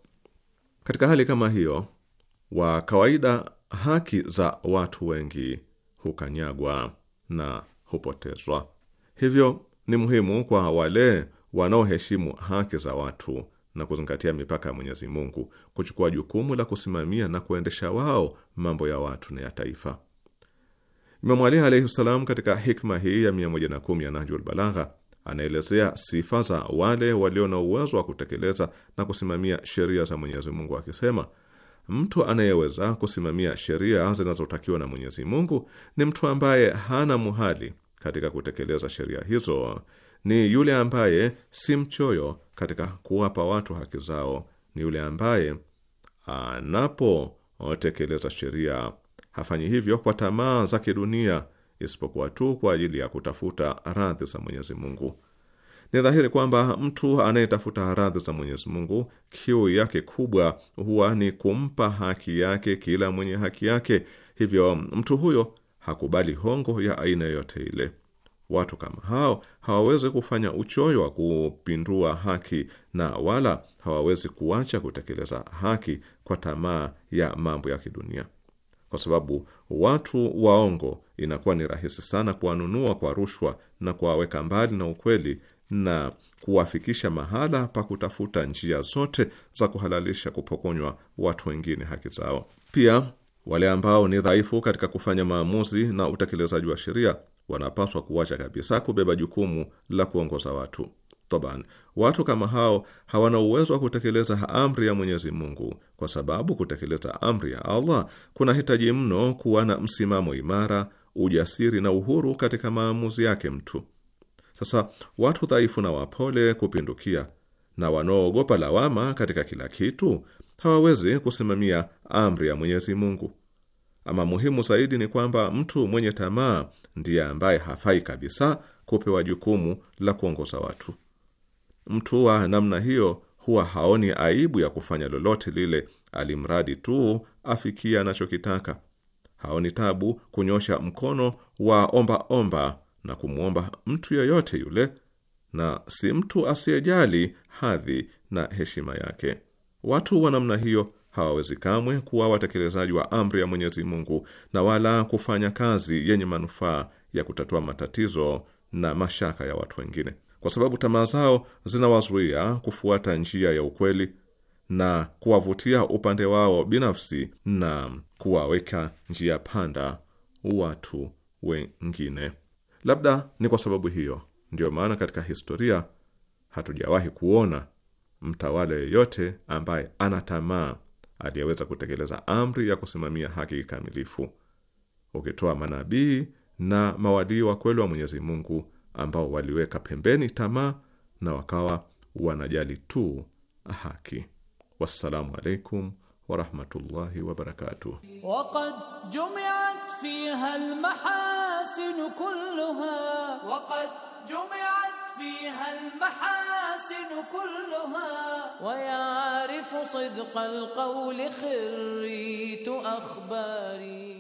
Katika hali kama hiyo, wa kawaida haki za watu wengi hukanyagwa na hupotezwa. Hivyo ni muhimu kwa wale wanaoheshimu haki za watu na kuzingatia mipaka ya Mwenyezi Mungu kuchukua jukumu la kusimamia na kuendesha wao mambo ya watu na ya taifa. Imamu Ali alaihi salam katika hikma hii ya 110 ya Nahjul Balagha anaelezea sifa za wale walio na uwezo wa kutekeleza na kusimamia sheria za Mwenyezi Mungu akisema: Mtu anayeweza kusimamia sheria zinazotakiwa na Mwenyezi Mungu ni mtu ambaye hana muhali katika kutekeleza sheria hizo, ni yule ambaye si mchoyo katika kuwapa watu haki zao, ni yule ambaye anapotekeleza sheria hafanyi hivyo kwa tamaa za kidunia, isipokuwa tu kwa ajili ya kutafuta radhi za Mwenyezi Mungu. Ni dhahiri kwamba mtu anayetafuta radhi za Mwenyezi Mungu, kiu yake kubwa huwa ni kumpa haki yake kila mwenye haki yake. Hivyo mtu huyo hakubali hongo ya aina yoyote ile. Watu kama hao hawawezi kufanya uchoyo wa kupindua haki na wala hawawezi kuacha kutekeleza haki kwa tamaa ya mambo ya kidunia, kwa sababu watu waongo inakuwa ni rahisi sana kuwanunua kwa rushwa na kuwaweka mbali na ukweli na kuwafikisha mahala pa kutafuta njia zote za kuhalalisha kupokonywa watu wengine haki zao. Pia wale ambao ni dhaifu katika kufanya maamuzi na utekelezaji wa sheria wanapaswa kuacha kabisa kubeba jukumu la kuongoza watu. Toban, watu kama hao hawana uwezo wa kutekeleza amri ya Mwenyezi Mungu, kwa sababu kutekeleza amri ya Allah kunahitaji mno kuwa na msimamo imara, ujasiri na uhuru katika maamuzi yake mtu. Sasa watu dhaifu na wapole kupindukia na wanaoogopa lawama katika kila kitu hawawezi kusimamia amri ya Mwenyezi Mungu. Ama muhimu zaidi ni kwamba mtu mwenye tamaa ndiye ambaye hafai kabisa kupewa jukumu la kuongoza watu. Mtu wa namna hiyo huwa haoni aibu ya kufanya lolote lile, alimradi tu afikie anachokitaka. Haoni tabu kunyosha mkono wa omba omba na kumwomba mtu yoyote yule, na si mtu asiyejali hadhi na heshima yake. Watu wa namna hiyo hawawezi kamwe kuwa watekelezaji wa amri ya Mwenyezi Mungu na wala kufanya kazi yenye manufaa ya kutatua matatizo na mashaka ya watu wengine, kwa sababu tamaa zao zinawazuia kufuata njia ya ukweli na kuwavutia upande wao binafsi na kuwaweka njia panda watu wengine. Labda ni kwa sababu hiyo ndiyo maana katika historia hatujawahi kuona mtawala yeyote ambaye ana tamaa aliyeweza kutekeleza amri ya kusimamia haki kikamilifu, ukitoa manabii na mawalii wa kweli wa Mwenyezi Mungu ambao waliweka pembeni tamaa na wakawa wanajali tu haki. Wassalamu alaikum ورحمة الله وبركاته وقد جمعت فيها المحاسن كلها وقد جمعت فيها المحاسن كلها ويعرف صدق القول خريت أخباري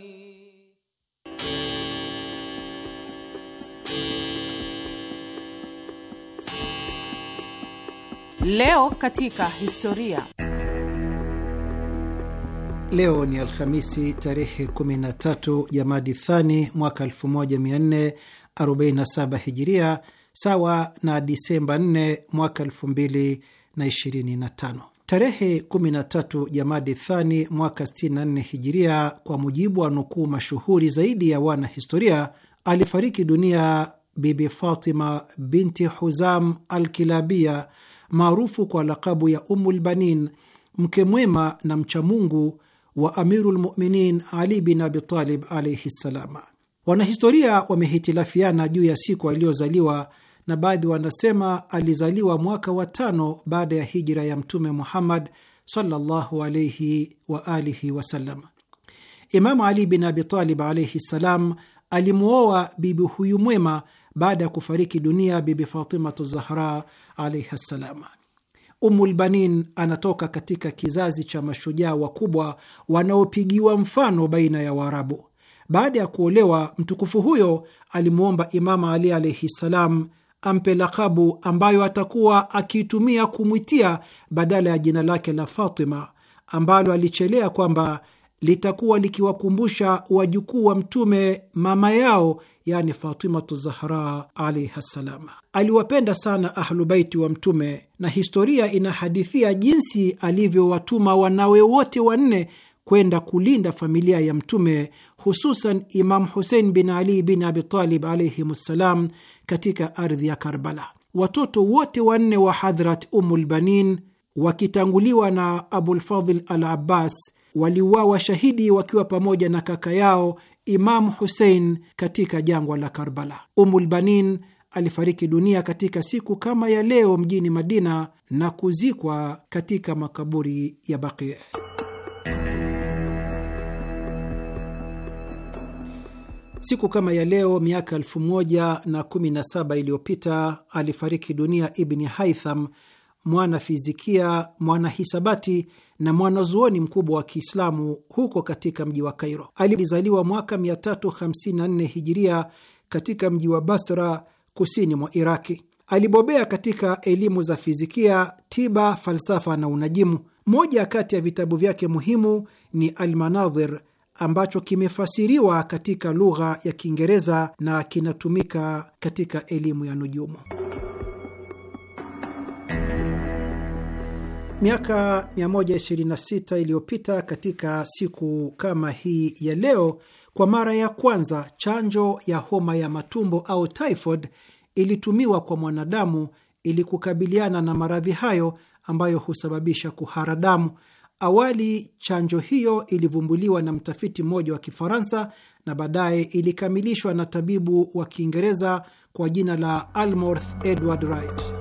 Leo katika historia. Leo ni Alhamisi tarehe 13 Jamadi Thani mwaka 1447 Hijiria, sawa na Disemba 4 mwaka 2025. Tarehe 13 Jamadi Thani mwaka 64 Hijiria, kwa mujibu wa nukuu mashuhuri zaidi ya wanahistoria, alifariki dunia Bibi Fatima binti Huzam kilabia maarufu kwa lakabu ya Ummulbanin, mke mwema na mchamungu wa Amiru lmuminin Ali bin Abitalib alaihi ssalama. Wanahistoria wamehitilafiana juu ya siku aliyozaliwa na baadhi wanasema alizaliwa mwaka wa tano baada ya hijra ya Mtume Muhammad sallallahu alaihi wa alihi wasallam. Imamu Ali bin Abitalib alaihi ssalam alimwoa bibi huyu mwema baada ya kufariki dunia Bibi Fatimatu Zahra alaihi ssalam. Umulbanin anatoka katika kizazi cha mashujaa wakubwa wanaopigiwa mfano baina ya Waarabu. Baada ya kuolewa, mtukufu huyo alimwomba Imama Ali alaihi ssalam ampe lakabu ambayo atakuwa akiitumia kumwitia badala ya jina lake la Fatima ambalo alichelea kwamba litakuwa likiwakumbusha wajukuu wa Mtume mama yao, yani Fatimatu Zahra alaihi ssalam. Aliwapenda sana Ahlubaiti wa Mtume, na historia inahadithia jinsi alivyowatuma wanawe wote wanne kwenda kulinda familia ya Mtume, hususan Imam Husein bin Ali bin Abitalib alaihim ssalam, katika ardhi ya Karbala. Watoto wote wanne wa Hadhrat Ummulbanin wakitanguliwa na Abulfadhil al Abbas waliuawa shahidi wakiwa pamoja na kaka yao Imamu Husein katika jangwa la Karbala. Umulbanin alifariki dunia katika siku kama ya leo mjini Madina na kuzikwa katika makaburi ya Baqi. Siku kama ya leo miaka elfu moja na kumi na saba iliyopita alifariki dunia Ibni Haitham, mwanafizikia mwanahisabati na mwanazuoni mkubwa wa Kiislamu huko katika mji wa Kairo. Alizaliwa mwaka 354 hijiria katika mji wa Basra, kusini mwa Iraki. Alibobea katika elimu za fizikia, tiba, falsafa na unajimu. Moja kati ya vitabu vyake muhimu ni Almanadhir ambacho kimefasiriwa katika lugha ya Kiingereza na kinatumika katika elimu ya nujumu. Miaka 126 iliyopita katika siku kama hii ya leo, kwa mara ya kwanza chanjo ya homa ya matumbo au typhoid ilitumiwa kwa mwanadamu ili kukabiliana na maradhi hayo ambayo husababisha kuhara damu. Awali chanjo hiyo ilivumbuliwa na mtafiti mmoja wa Kifaransa na baadaye ilikamilishwa na tabibu wa Kiingereza kwa jina la Almorth Edward Wright.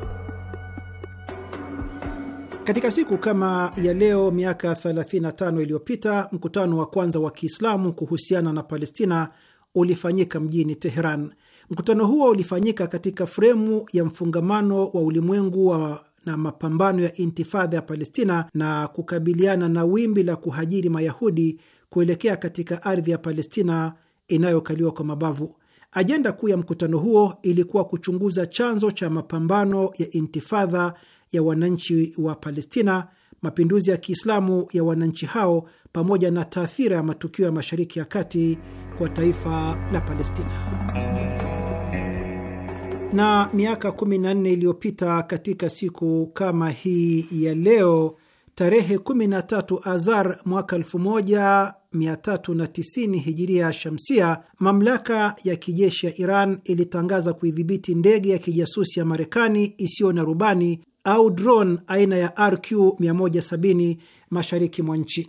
Katika siku kama ya leo miaka 35 iliyopita mkutano wa kwanza wa Kiislamu kuhusiana na Palestina ulifanyika mjini Teheran. Mkutano huo ulifanyika katika fremu ya mfungamano wa ulimwengu wa na mapambano ya intifadha ya Palestina na kukabiliana na wimbi la kuhajiri Mayahudi kuelekea katika ardhi ya Palestina inayokaliwa kwa mabavu. Ajenda kuu ya mkutano huo ilikuwa kuchunguza chanzo cha mapambano ya intifadha ya wananchi wa Palestina, mapinduzi ya Kiislamu ya wananchi hao, pamoja na taathira ya matukio ya Mashariki ya Kati kwa taifa la Palestina. Na miaka 14 iliyopita katika siku kama hii ya leo tarehe 13 Azar mwaka 1390 hijiria shamsia, mamlaka ya kijeshi ya Iran ilitangaza kuidhibiti ndege ya kijasusi ya Marekani isiyo na rubani au drone aina ya RQ 170 mashariki mwa nchi.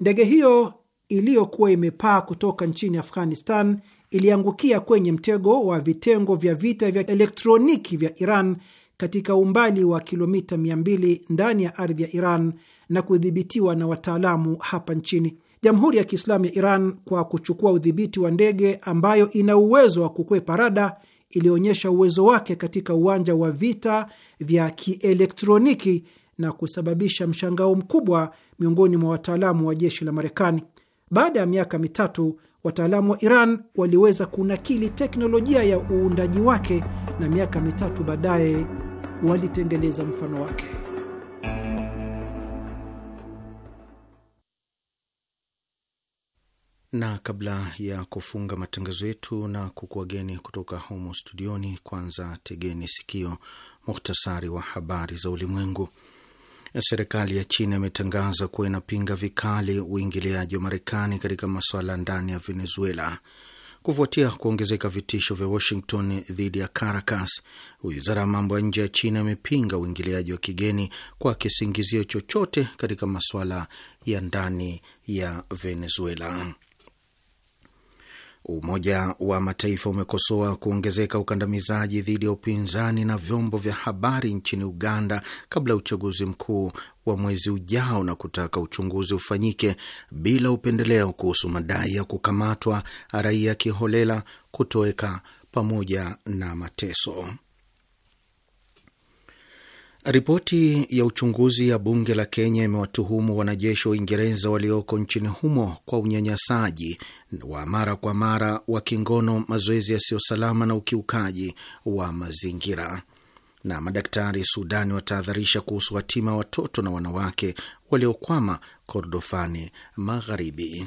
Ndege hiyo iliyokuwa imepaa kutoka nchini Afghanistan iliangukia kwenye mtego wa vitengo vya vita vya elektroniki vya Iran katika umbali wa kilomita 200 ndani ya ardhi ya Iran na kudhibitiwa na wataalamu hapa nchini. Jamhuri ya Kiislamu ya Iran, kwa kuchukua udhibiti wa ndege ambayo ina uwezo wa kukwepa rada, ilionyesha uwezo wake katika uwanja wa vita vya kielektroniki na kusababisha mshangao mkubwa miongoni mwa wataalamu wa jeshi la Marekani. Baada ya miaka mitatu, wataalamu wa Iran waliweza kunakili teknolojia ya uundaji wake, na miaka mitatu baadaye walitengeneza mfano wake. na kabla ya kufunga matangazo yetu na kukuageni kutoka humo studioni, kwanza tegeni sikio muhtasari wa habari za ulimwengu. Serikali ya China imetangaza kuwa inapinga vikali uingiliaji wa Marekani katika masuala ndani ya Venezuela kufuatia kuongezeka vitisho vya Washington dhidi ya Caracas. Wizara ya mambo ya nje ya China imepinga uingiliaji wa kigeni kwa kisingizio chochote katika masuala ya ndani ya Venezuela. Umoja wa Mataifa umekosoa kuongezeka ukandamizaji dhidi ya upinzani na vyombo vya habari nchini Uganda kabla ya uchaguzi mkuu wa mwezi ujao na kutaka uchunguzi ufanyike bila upendeleo kuhusu madai ya kukamatwa raia kiholela, kutoweka pamoja na mateso. Ripoti ya uchunguzi ya bunge la Kenya imewatuhumu wanajeshi wa Uingereza walioko nchini humo kwa unyanyasaji wa mara kwa mara wa kingono, mazoezi yasiyo salama na ukiukaji wa mazingira. Na madaktari Sudani watahadharisha kuhusu hatima watoto na wanawake waliokwama Kordofani Magharibi.